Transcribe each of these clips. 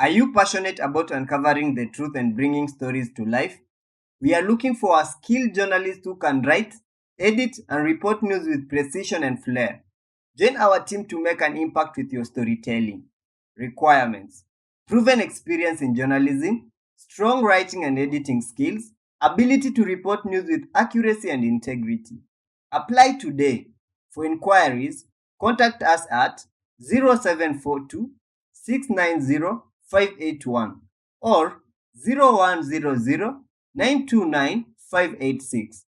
Are you passionate about uncovering the truth and bringing stories to life? We are looking for a skilled journalist who can write, edit, and report news with precision and flair. Join our team to make an impact with your storytelling. Requirements Proven experience in journalism, strong writing and editing skills, ability to report news with accuracy and integrity. Apply today. For inquiries, contact us at 0742 690 581 or 0100 929 586.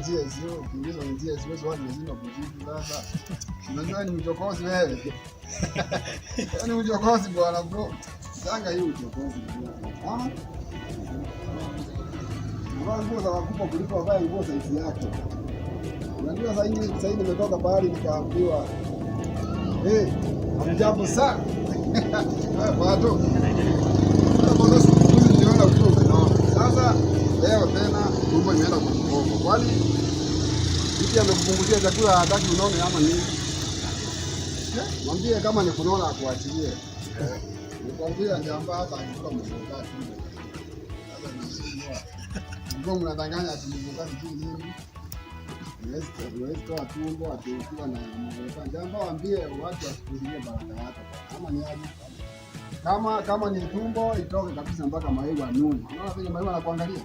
njia hizo kuingiza njia siwezi wani lazima kujibu sasa. Unajua ni mchokozi wewe. Yaani mchokozi bwana bro. Sanga hiyo mchokozi. Ah. Mbona nguo za wakubwa kuliko wavae nguo za hizi yake. Unajua sasa hivi sasa hivi nimetoka bahari nikaambiwa eh, amjapo sana. Watu. Sasa leo tena tumbo imeenda kukongo, kwani hivi amekupunguzia chakula hataki unone ama nini? Eh, mwambie kama ni kunona akuachilie. Eh, Nikwambia njamba hapa anatoka mzunguka tumbo. Sasa mzunguka. Mgo mnadanganya ati mzunguka tumbo. Huwezi toa tumbo ati na mzunguka. Jamba waambie watu wasikuingie baraka yako. Kama ni aje? Kama kama ni tumbo itoke kabisa mpaka maiwa nyuma. Unaona vile maiwa anakuangalia?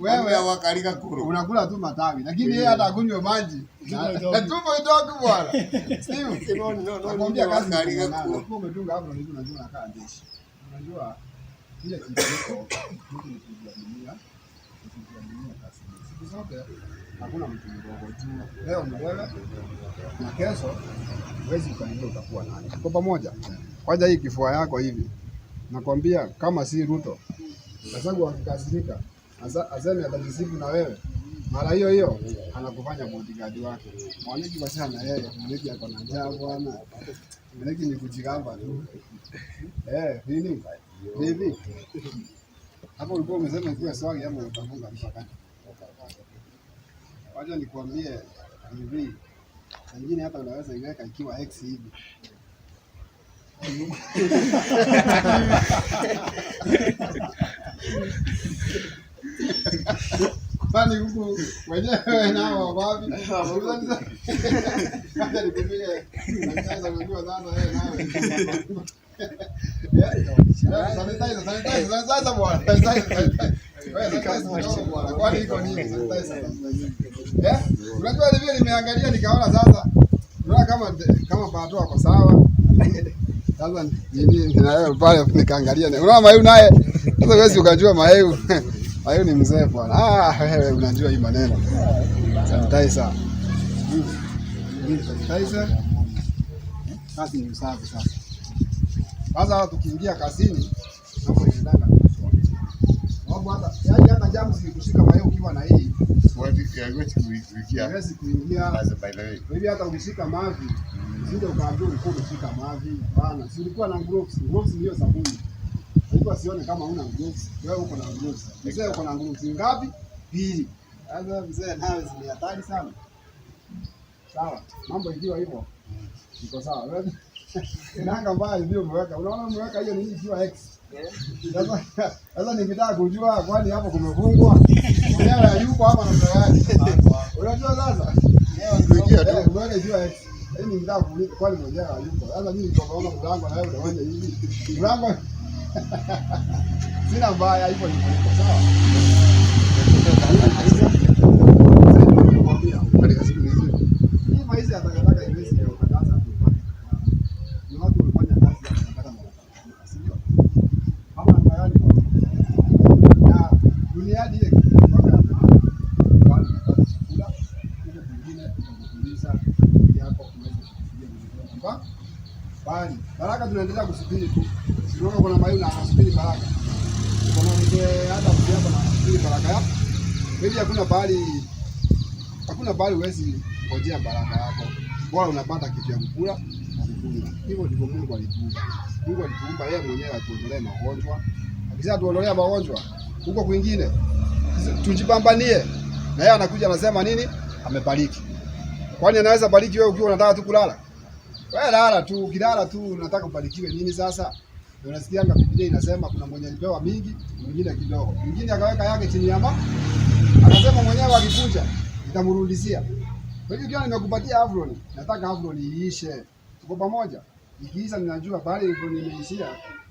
Wewe wakalika kuru Unakula tu matawi lakini yeye hata akunywa maji. Tumbo itoki bwana. Sio Nakwambia kazi kalika kuru Kwa umetunga hapo ndio unajua unakaa jeshi. Unajua ile kitu mtu ni kujiaminia. Kujiaminia kazi. Siku zote hakuna mtu mdogo tu. Leo ni wewe na kesho huwezi ukanijua utakuwa nani. Kwa pamoja. Kwaja hii kifua yako hivi. Nakwambia kama si Ruto. Sasa wakikasirika aseme atajisifu na wewe, mara hiyo hiyo anakufanya bodyguard wake. Mwaniki wachana yeye, mwaneki ako na njaa bwana, Mwaneki ni kujigamba tu eh, nini hivi hapo. Ulikuwa umesema ikiwa swali ama utafunga mpaka. Wacha nikwambie hivi, wengine hata unaweza iweka ikiwa x hivi Kwani huku wenyewe nao wapi? unajua sasa eh, nimeangalia nikaona sasa kama kama pato wako sawa. Sasa nini pale nikaangalia. Unaona mayu naye. Sasa huwezi ukajua mayu. Hayo ni mzee bwana. Ah, wewe unajua hii maneno. Sanitizer. Hmm. Sanitizer. Kazi ni usafi sasa. Kwanza tukiingia kazini hata ukishika mavi, hmm. usije ulikuwa umeshika mavi. Bana, si ulikuwa na gloves. Gloves ndio sabuni alikuwa sione kama una nguvu. Wewe uko na nguvu Mzee uko na nguvu ngapi? Mbili. Sasa mzee nawe zile hatari sana. Sawa. Mambo ikiwa hivyo. Iko sawa. Wewe nanga mbaya ndio umeweka. Unaona umeweka hiyo nini ikiwa X. Sasa sasa nikitaka kujua kwani hapo kumefungwa. mwenyewe hayuko hapa namna gani? Unajua sasa? Kuingia tu. Eh, umeweka ikiwa X. Mimi yaani nitaka kuuliza kwani mwenyewe hayuko. Sasa mimi nikaona mlango na wewe unaona hivi. Mlango sina mbaya, hivyo ndivyo sawa. Bali baraka tunaendelea kusubiri tu. ili baraka yako. Hivi hakuna bali, hakuna bali uwezi kujia baraka yako, bora unapata kitu ya kukula na kukunywa. Hivyo ndivyo Mungu alituumba. Mungu alituumba yeye mwenyewe atuondolee magonjwa, Akisema tuondolea magonjwa huko kwingine tujipambanie, na yeye anakuja anasema nini? Amebariki. Kwani anaweza bariki wewe ukiwa unataka tu kulala? Wewe lala tu, ukilala tu unataka ubarikiwe nini sasa? Unasikianga Biblia inasema kuna mwenye alipewa mingi, mwingine kidogo, mwingine akaweka yake chini ya mama, akasema mwenyewe akikuja nitamrudishia. Kwa hiyo kiona nimekupatia Avron, nataka Avron iishe, tuko pamoja. Ikiisha ninajua bali ilipo nimeishia,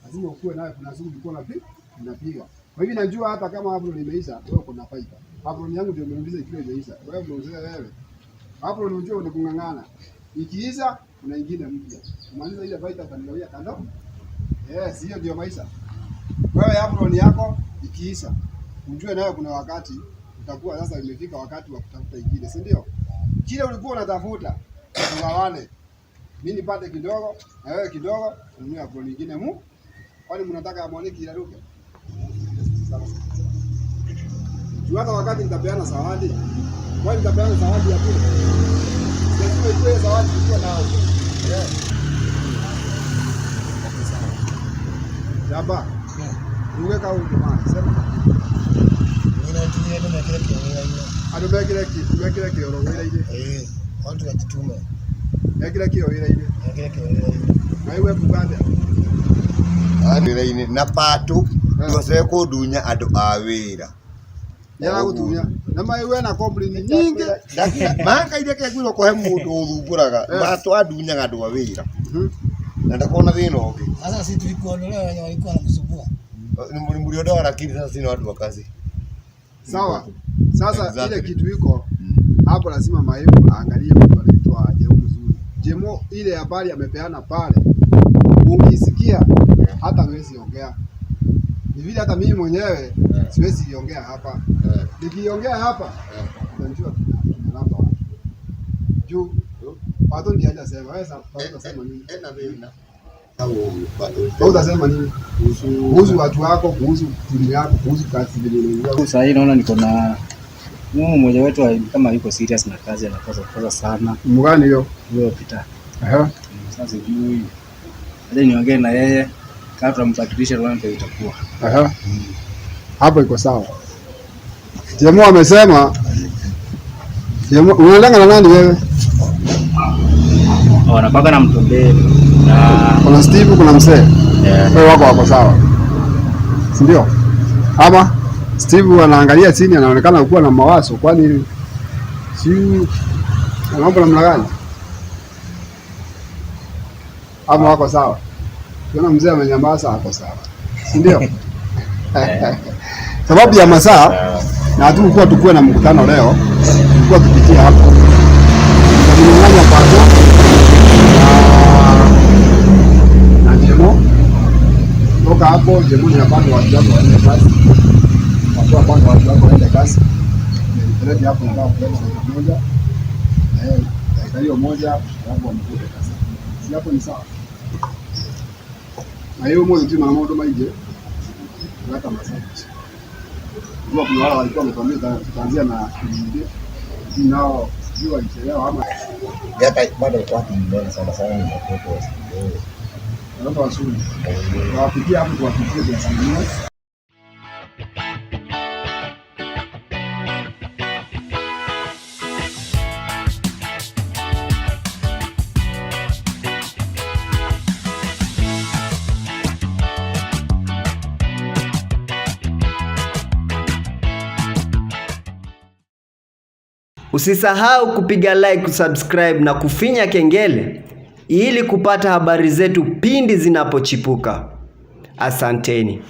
lazima ukue nayo, kuna siku na pi unapiga. Kwa hivyo najua hata kama Avron imeisha, wewe kuna faida. Avron yangu ndio imerudisha ikiwa imeisha, wewe unaongeza wewe Avron unajua unakung'ang'ana, ikiisha kuna ingine mpya kumaliza ile faida, atanigawia kando Yes, hiyo ndio maisha. Wewe apron yako ikiisha, ujue nayo kuna wakati utakuwa sasa imefika wakati wa kutafuta ingine, si ndio? Kile ulikuwa unatafuta tugawane, mimi nipate kidogo na wewe kidogo, ununue apron nyingine mu, kwani mnataka amoniki ilaruke? Juata wakati nitapeana zawadi, kwani nitapeana zawadi ya pili, lazima zawadi ikiwa nao. Shaba. Ruge ka huduma sema. Nina tiye ndio kile kile. Ado ba kile kile, ba kile kile ro wira ile. Ah, eh, watu wajitume. Ya kile kile wira ile. Ya kile kile wira ile. Aiwe kupanda. Adira ah, ini na patu eh. tuweze kudunya ado awira. Yala gutunya. Na mai na na ni nyingi. Maka ile kile kuhemu kohe mundu uthunguraga. Batu eh. adunyaga ado awira. Mhm na nitakuwa na thina ũngĩ. Sasa sisi tulikuondolea wenye walikuwa wanakusumbua. Mliondoa lakini sasa sina watu wa kazi. Sawa. Mm. Sasa exactly. Ile kitu iko mm. hapo lazima maimu aangalie mtu anaitwa Jemo Mzuri. Jemo ile habari amepeana pale. ukisikia hata hawezi ongea. Ni vile hata mimi mwenyewe yeah. siwezi iongea hapa. Yeah. Nikiongea hapa yeah. Unajua tunalamba watu. Juu Pato ndio hajasema. Wewe sasa unasema nini? Tena eh, eh, mimi kuhusu watu wako, kuhusu timu yako, kuhusu kazi vile? Sasa hii naona niko na Mungu mmoja wetu kama yuko serious na kazi anakosa kosa sana. Mgani hiyo? Hiyo pita. Aha. Sasa sijui. Aje niongee na yeye kama tutamsakirisha Rwanda ndio itakuwa. Aha. Hapo iko sawa. Jemu amesema. Jemu unaendanga na nani wewe? wanakuwa na mtumbili na kuna Steve, kuna mzee yeah. Wako wako sawa, si ndio? Ama Steve anaangalia chini, anaonekana kuwa na mawazo, kwani si anaomba namna gani? Ama wako sawa? Kuna mzee amenyamaza, ako sawa, si ndio? sababu ya masaa na hatukuwa tukuwe na mkutano leo, tulikuwa tupitia hapo kwa Kutoka hapo ya bando watu wako waende kazi, watu bando watu wako waende kazi. Nilipeleke hapo ndio kwa sababu moja eh, dakika hiyo moja wangu wamekuja kazi, si hapo ni sawa. Na hiyo mmoja tu mama ndo maije hata masaa kwa kuna wale walikuwa wametuambia tutaanzia na kingine nao sijui walichelewa ama hata bado kwa mbele sana sana ni watoto hapo, Usisahau kupiga like, kusubscribe na kufinya kengele ili kupata habari zetu pindi zinapochipuka. Asanteni.